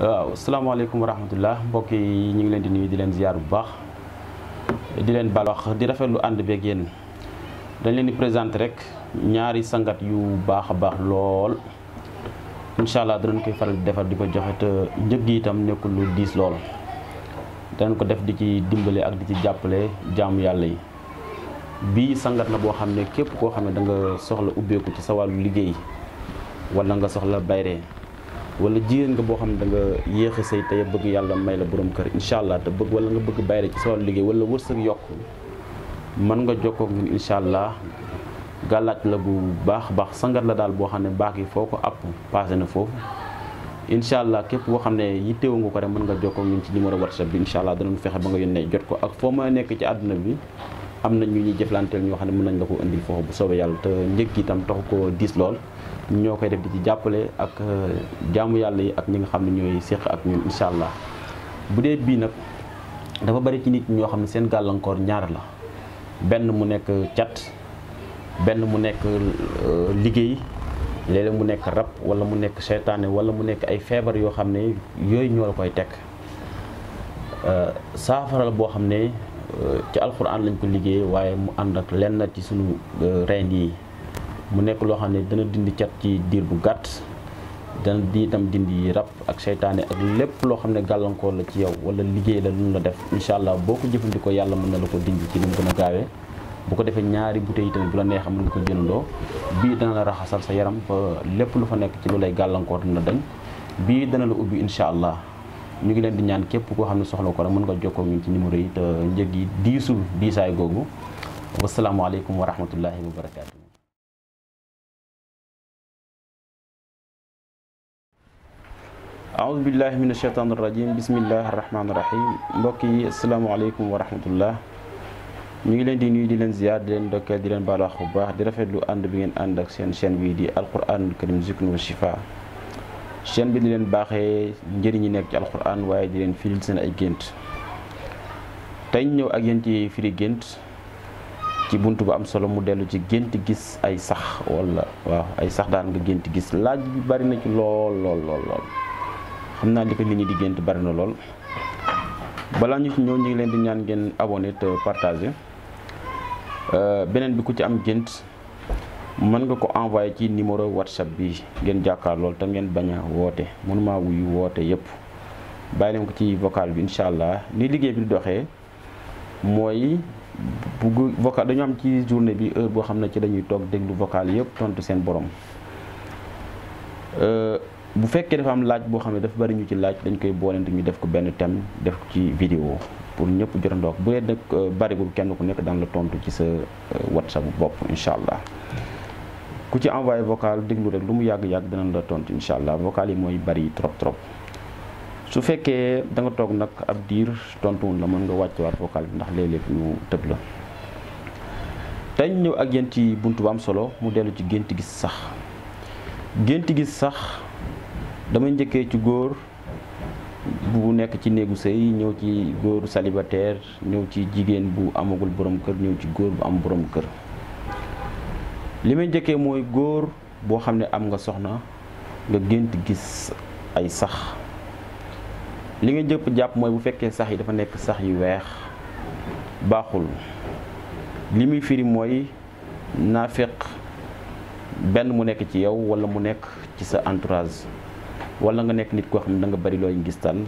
waaw salaamaaleykum wa rahmatullah mbokk yi ñu ngi leen di nuyu di leen ziar bu baax di leen bal di rafet lu ànd beeg yéen dañ leen di présenté rek ñaari sangat yu baax a baax lool incha allah danañ koy faral di defar di ko joxe te njëg yi itam nekkul lu diis lool danañ ko def di ci dimbale ak di ci jàppale jaamu yàlla yi bii sangat na boo xam ne képp koo xam ne da nga soxla ubbeeku ci sa wàllu liggéey wala nga soxla bayree wala jigéen nga boo xam ne danga nga yéex a sëy bëgg yàlla may la borom kër incha allah te bëgg wala nga bëgg bàyyi la ci sa wàllu liggéey wala wërsëg yokk mën nga jokkoo ak allah gàllaaj la bu baax baax sangat daal boo xam ne baax yi foo ko app passé na foofu incha allah képp koo xam ne yittewu nga ko rek mën nga jokkoo ak ñun ci numéro whatsapp bi incha allah danañ fexe ba nga yónnee jot ko ak foo mën a nekk ci àdduna bi am na ñu ñuy jëflanteel ñoo xam ne mën nañ la ko indil foofu bu soobee yàlla te njëg gi itam taxu ko diis lool ñoo koy def di ci jàppale ak euh, jaamu yàlla yi ak ñi nga xam ne ñooy séq ak ñu incha allah bu dee bii nag dafa bari ci nit ñoo xam ne seen gàllankoor ñaar la benn mu nekk cat benn mu nekk euh, liggéey léeg mu nekk rab wala mu nekk seytaane wala mu nekk ay feebar yoo xam ne yooyu ñoo la koy tekk euh, saafara boo xam ne ci alxuraan lañ ko liggéey waaye mu ànd ak lenn ci sunu euh, reen yi mu nekk loo xam ne dana dindi cat ci diir bu gàtt dana di itam dindi rab ak seytaane ak lépp loo xam ne gàllankoor la ci yow wala liggéey la lu la def incha allah boo ko jëfandikoo yàlla mën na la ko dindi ci nu mu gën a gaawee bu ko defee ñaari bouteille yi tamit bu la neexee mën nga ko jëndandoo bii dana la raxasal sa yaram lépp lu fa nekk ci lu lay gàllankoor dina dañ bii dana la ubbi incha allah ñu ngi leen di ñaan képp koo xam ne soxla ko rek mën nga jokkoo ñun ci numéro yi te njëg yi diisul diisaay googu wasalaamualeykum wa rahmatullahi wa barakaatu. aoudu billahi min asheytaan irrajim bismillahi arrahmaani rahim mbokk yi wa rahmatullah ñu ngi leen di nuyu di leen ziar di leen ndokkeel di bu baax di rafetlu ànd bi ngeen ànd ak seen chaîne bii di alquranul karim zikru wa shifa chaîne bi di leen baaxe njëriñ yi nekk ci alxuraan waaye di leen firil seen ay gént tey ñëw ak yéen ci firi gént ci bunt bu am solo mu dellu ci gént gis ay sax wala waaw ay sax daan nga gént gis laaj bi bari na ci lool lool lool lool xam naa li ko nit ñi di gént bari na lool balaa ñu ci ñëw ñu ngi leen di ñaan ngeen abonné te partagé euh, beneen bi ku ci am gént mën nga ko envoyé ci numéro whatsapp bi ngeen jàkkaar loolu tam ngeen bañ a woote mënuma wuyu woote yépp bàyyi leen ko ci vocal bi incha allah ni liggéey bi di doxee mooy bu vocal dañu am ci journée bi heure boo xam ne ci dañuy toog déglu vocal yépp tontu seen borom euh, bu fekkee dafa am laaj boo xam ne dafa bari ñu ci laaj dañ koy boolente ñu def ko benn thème def ko ci vidéo pour ñëpp jotandoo bu dee nag euh, bariwul kenn ku nekk daan la tontu ci sa euh, whatsapp bopp incha allah. ku ci envoyé vocal déglu rek lu mu yàgg-yàgg dinañ la tontu incha allah vocal yi mooy bari trop trop su fekkee danga toog nag ab diir tontuwun la mën nga wàcc wàccewaat vocal bi ndax léeg-léeg ñu tëb la tey ñëw ak yéen ci bunt bu am solo mu dellu ci gént gis sax gént gis sax damay njëkkee ci góor bu nekk ci néegu sëy ñëw ci góoru célibataire ñëw ci jigéen bu amagul borom kër ñëw ci góor bu am borom kër li may njëkkee mooy góor boo xam ne am nga soxna nga gént gis ay sax li nga jëpp jàpp mooy bu fekkee sax yi dafa nekk sax yu weex baaxul li muy firi mooy naafeq benn mu nekk ci yow wala mu nekk ci sa entourage walla nga nekk nit koo xam ne da nga bari looy ngistal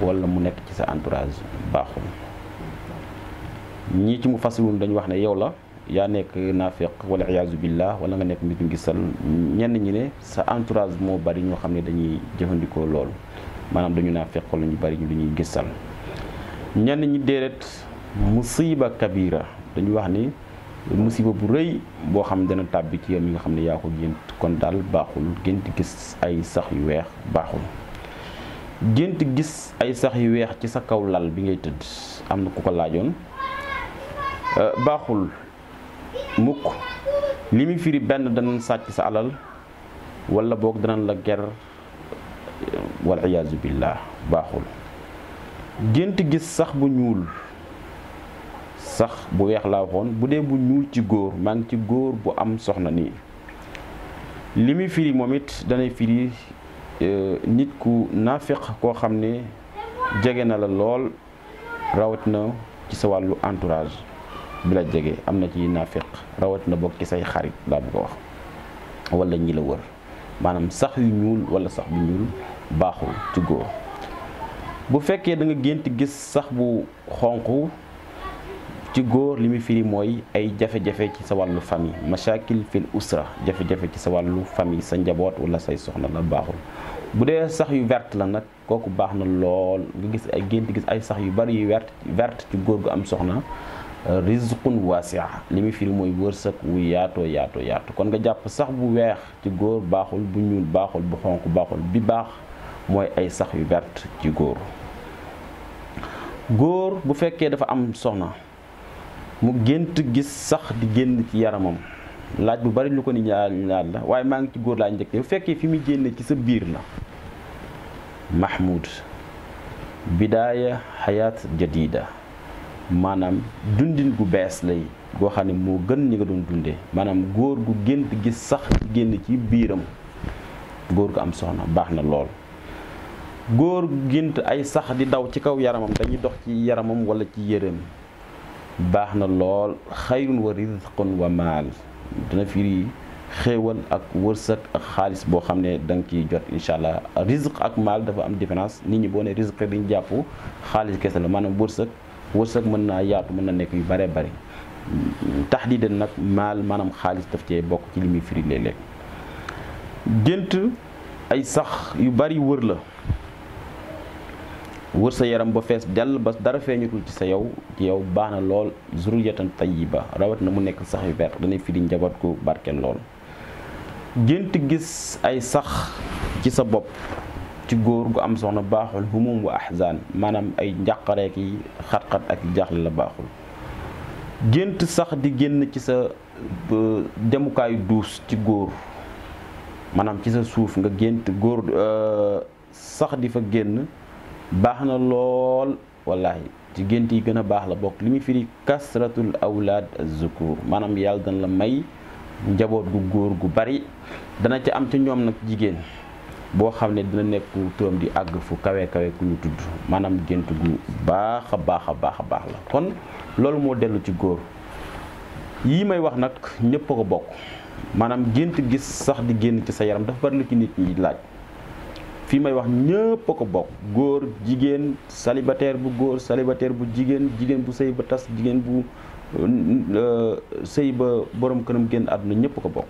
wala mu nekk ci sa entourage baaxul ñii ci mu fasilun dañu wax ne yow la yaa nekk naafeq wala iyaazu billah wala nga nekk nit ñu gisal ñenn ñi ne sa entourage moo bari ñoo xam ne dañuy jëfandikoo loolu maanaam dañu naafeq lu ñu bari ñu lu ñuy gisal ñenn ñi déedéet musiba kabira dañu wax ni musiba bu rëy boo xam dana tàbbi ci yow mi nga xam ne yaa ko gént kon daal baaxul gént gis ay sax yu weex baaxul gént gis ay sax yu weex ci sa kaw lal bi ngay tëdd am na ku ko laajoon euh, baaxul mukk li muy firi benn danañ sàcc sa alal wala boog danañ la ger wal iyaazu billah baaxul gént gis sax bu ñuul sax bu weex laa waxoon bu dee bu ñuul ci góor maa ngi ci góor bu am soxna nii li muy firi moom it danay firi e, nit ku naafiq koo xam ne jege na la lool rawatina ci sa wàllu entourage bi la jege am na ci naafiq rawatina bokk ci say xarit laa bëgg a wax wala ñi la wër maanaam sax yu ñuul wala sax bu ñuul baaxul ci góor bu fekkee danga nga gént gis sax bu xonq ci góor li muy firi mooy ay jafe-jafe ci sa wàllu famille mashakil fil usra jafe-jafe ci sa wàllu famille sa njaboot wala say soxna la baaxul bu dee sax yu vert la nag kooku baax na lool nga gis ay gént gis ay sax yu bari yu vert vert ci góor gu am soxna rizqun waasia li muy firi mooy wërsëg wu yaato yaato yaatu kon nga jàpp sax bu weex ci góor baaxul bu ñuul baaxul bu xonq baaxul bi baax mooy ay sax yu vert ci góor góor bu fekkee dafa am soxna mu gént gis sax di génn ci yaramam laaj bu bari lu ko ni ñaan la waaye maa ngi ci góor laa njëkk bu fekkee fi muy génnee ci sa biir la mahmoud bidaaya xayaat jadida maanaam dundin gu bees lay goo xam ne moo gën ñi nga doon dundee maanaam góor gu gént gi sax génn ci biiram góor gu am soxna baax na lool góor gu gént ay sax di daw ci kaw yaramam dañuy dox ci yaramam wala ci yëreem baax na lool xayrun wa rizqun wa maal dina firi xéewal ak wërsëg ak xaalis boo xam ne danga nga jot incha allah rizq ak maal dafa am différence nit ñi boo ne rizq dañu jàpp xaalis kese la maanaam wërsëg wërsëg mën naa yaatu mën na nekk yu bare bari tax di den nag maal maanaam xaalis daf cee bokk ci li muy firi léeg-léeg gént ay sax yu bari wër la wër sa yaram ba fees dell ba dara feeñatul ci sa yow ci yow baax na lool zuriyatan tayyiba rawat na mu nekk sax yu vert danay firi njaboot ko barkeel lool gént gis ay sax ci sa bopp ci góor gu am soxna baaxul humum wa ahzan maanaam ay njàqareek yi xat-xat ak jaaxle la baaxul gént sax di génn ci sa demukaayu duus ci góor maanaam ci sa suuf nga gént góor euh, sax di fa génn baax na lool wallaahi ci gént yi gën a baax la bokk li muy firi kasratul awlaad az-zukur maanaam yàlla dana la may njaboot gu góor gu bari dana ci am ci ñoom nag jigéen boo xam ne dina nekk turam di àgg fu kawe kawe ku ñu tudd maanaam gént gu baax a baax a baax a baax la kon loolu moo dellu ci góor yii may wax nag ñëpp a ko bokk maanaam gént gis sax di génn ci sa yaram dafa bari lu ci nit ñi laaj fii may wax ñëpp a ko bokk góor jigéen célibataire bu góor célibataire bu jigéen jigéen bu sëy ba tas jigéen bu euh, sëy ba borom kënam génn àdduna ñëpp a ko bokk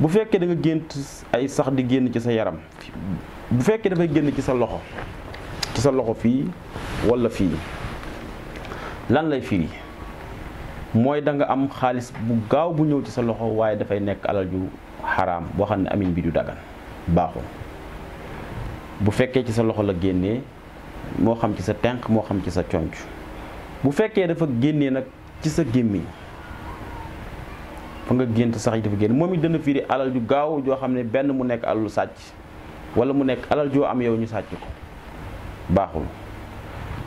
bu fekkee danga nga gént ay sax di génn ci sa yaram bu fekkee dafay génn ci sa loxo ci sa loxo fii walla fii lan lay firi mooy danga am xaalis bu gaaw bu ñëw ci sa loxo waaye dafay nekk alal ju xaram boo xam ne amin bi du dagan baaxul bu fekkee ci sa loxo la génnee moo xam ci sa tenq moo xam ci sa conc bu fekkee dafa génnee nag ci sa gémmiñ fa nga gént sax yi dafa génne moom it dana firi alal ju gaaw joo xam ne benn mu nekk alalu sàcc wala mu nekk alal joo am yow ñu sàcc ko baaxul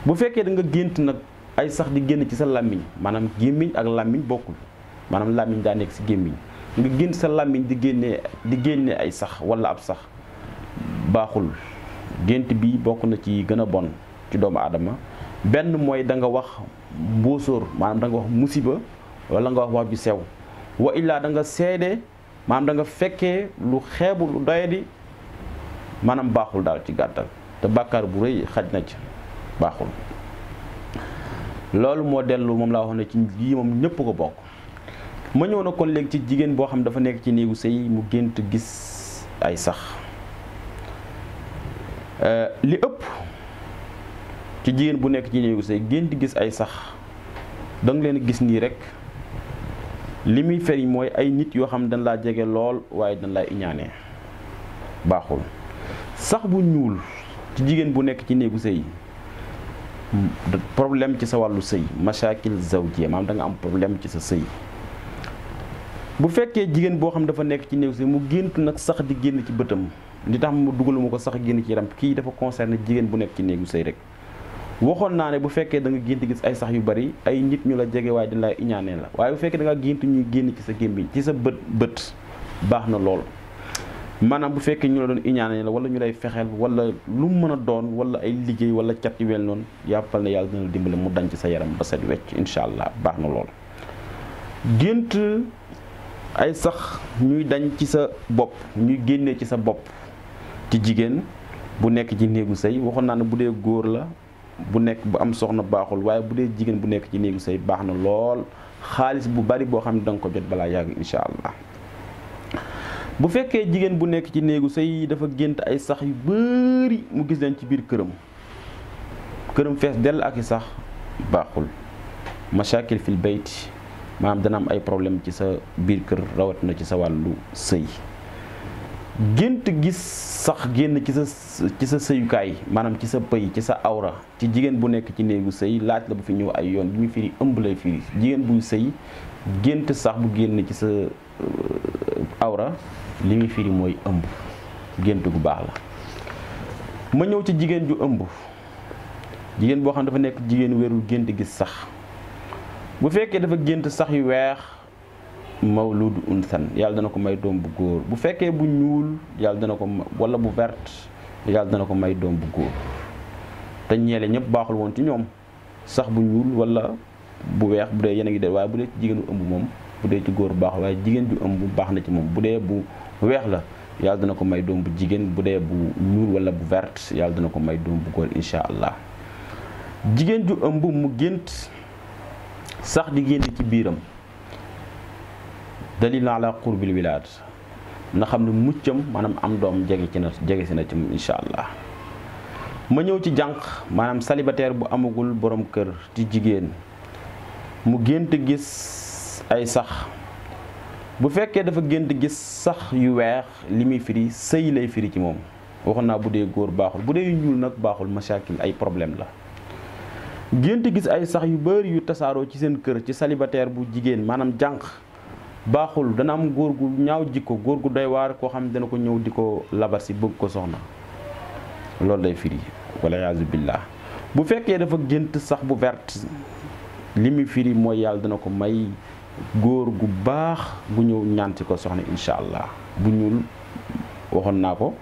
bu fekkee da nga gént nag ay sax di génn ci sa làmmiñ maanaam gémmiñ ak làmmiñ bokkul maanaam làmmiñ daa nekk si gémmiñ nga gént sa làmmiñ di génne di génne ay sax wala ab sax baaxul gént bi bokk na ci gën a bon ci doomu aadama benn mooy da nga wax mbóosóor maanaam danga nga wax musiba wala nga wax wax ju sew wa illaa da nga seede maanaam da nga fekkee lu xeebu lu doyadi maanaam baaxul daal ci gàttal te bàkkaar bu rëy xaj na ci baaxul loolu moo dellu moom laa wax ne ci lii moom ñëpp ko bokk ma ñëw na kon léegi ci jigéen boo xam dafa nekk ci néegu sëy mu gént gis ay sax euh, li ëpp ci jigéen bu nekk ci néegu sëy gént gis ay sax danga leen gis nii rek li muy feriñ mooy ay nit yoo xam dañ laa jege lool waaye dañ laa iñaane baaxul sax bu ñuul ci jigéen bu nekk ci néegu sëy problème ci sa wàllu sëy mashakil zawjiya maanaam da nga am problème ci sa sëy bu fekkee jigéen boo xam dafa nekk ci néegu sëy mu gént nag sax di génn ci bëtam li tax mu mu ko sax génn ci yaram kii dafa concerné jigéen bu nekk ci néegu sëy rek waxoon naa ne bu fekkee da nga gént gis ay sax yu bari ay nit ñu la jege waaye dañ iñaanee la waaye bu fekkee da nga gént ñuy génn ci sa gémmiñ ci sa bët bët baax na lool maanaam bu fekkee ñu la doon iñaanee la wala ñu lay fexeel wala lu mu mën a doon wala ay liggéey wala cat yu wel noonu yàppal ne yàlla dina la dimbale mu dañ ci sa yaram ba set wecc incha allah baax na lool gént ay sax ñuy dañ ci sa bopp ñuy génne ci sa bopp ci jigéen bu nekk ci néegu sëy waxoon naa ne bu dee góor la bu nekk bu am soxna baaxul waaye bu dee jigéen bu nekk ci néegu say baax na lool xaalis bu bari boo xam ne danga ko jot balaa yàgg incha allah bu fekkee jigéen bu nekk ci néegu say dafa gént ay sax yu bari mu gis leen ci biir këram këram fees dell ak i sax baaxul machakil fil bayti maanaam dana am ay problème ci sa biir kër rawat na ci sa wàllu sëy gént gis sax génn ci sa ci sa sëyukaay maanaam ci sa pëy ci sa awra ci jigéen bu nekk ci néegu sëy laaj la bu fi ñëw ay yoon bi ñu firi ëmb lay firi jigéen buy sëy gént sax bu génn ci sa euh, awra li muy firi mooy ëmb gént gu baax la ma ñëw ci jigéen ju ëmb jigéen boo xam dafa nekk jigéenu wérul gént gis sax bu fekkee dafa gént sax yu weex mawludu unsan yàlla dana ko may doom bu góor bu fekkee bu ñuul yàlla dana ko wala bu vert yàlla dana ko may doom bu góor te ñeele ñëpp baaxul woon ci ñoom sax bu ñuul wala bu weex bu dee yéen a ngi de waaye bu dee ci jigéenu ëmb moom bu baax waaye jigéen ju ëmb baax na ci moom bu dee bu weex la yàlla dana ko may doom bu jigéen bu dee bu ñuul wala bu vert yàlla dina ko may doom bu góor incha allah jigéen ju ëmb mu gént sax di génn ci biiram dalil ala qurbil wilaad na xam ne muccam maanaam am doom jege ci na jege si na ci incha allah ma ñëw ci jànq maanaam célibataire bu amagul borom kër ci jigéen mu gént gis ay sax bu fekkee dafa gént gis sax yu weex li muy firi sëy lay firi ci moom waxoon naa bu dee góor baaxul bu dee ñuul nag baaxul masaakil ay problème la gént gis ay sax yu bari yu tasaaroo ci seen kër ci célibataire bu jigéen maanaam jànq baaxul dana am góor gu ñaaw jikko góor gu day waar koo xam ne dana ko ñëw di ko labar si bëgg ko soxna loolu lay firi wala yaasu billah bu fekkee dafa gént sax bu verte li muy firi mooy yàlla dana ko may góor gu baax bu ñëw ñaanti ko soxna incha allah bu ñuul waxoon naa ko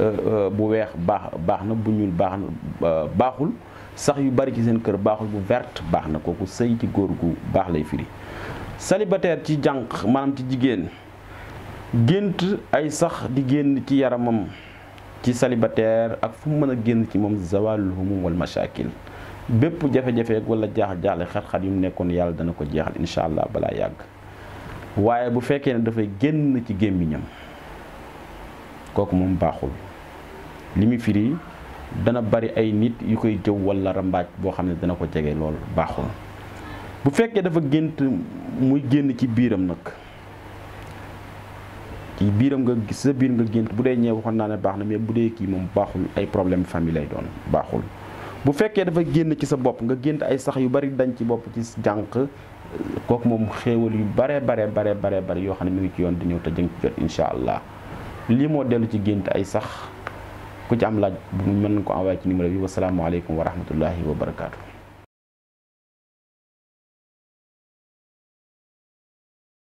euh, euh, bu weex baax baax na bu ñuul baax na euh, baaxul sax yu bari ci seen kër baaxul bu verte baax na kooku sëy ci góor gu baax lay firi célibataire ci jànq maanaam ci jigéen gént ay sax di génn ci yaramam ci célibataire ak fu mu mën a génn ci moom zawalul humum wal mashakil bépp jafe-jafe wala jaax jaaxle xat-xat yu mu nekkoon yàlla dana ko jeexal incha allah balaa yàgg waaye bu fekkee ne dafay génn ci gémmiñam kooku moom baaxul li mu firi dana bari ay nit yu koy jëw wala rambaaj boo xam ne dana ko jege lool baaxul bu fekkee dafa gént muy génn ci biiram nag ci biiram nga gis sa biir nga gént bu dee ñee waxoon naa ne baax na mais bu dee kii moom baaxul ay problème famille lay doon baaxul bu fekkee dafa génn ci sa bopp nga gént ay sax yu bari dañ ci bopp ci jànq kooku moom xéewal yu bare bare bare bare bare yoo xam ne mi ngi ci yoon di ñëw te jëng ci jot incha allah lii moo dellu ci gént ay sax ku ci am laaj bu mën ko envoyé ci numéro bi wasalaamaaleykum wa rahmatullahi wa barakaatu.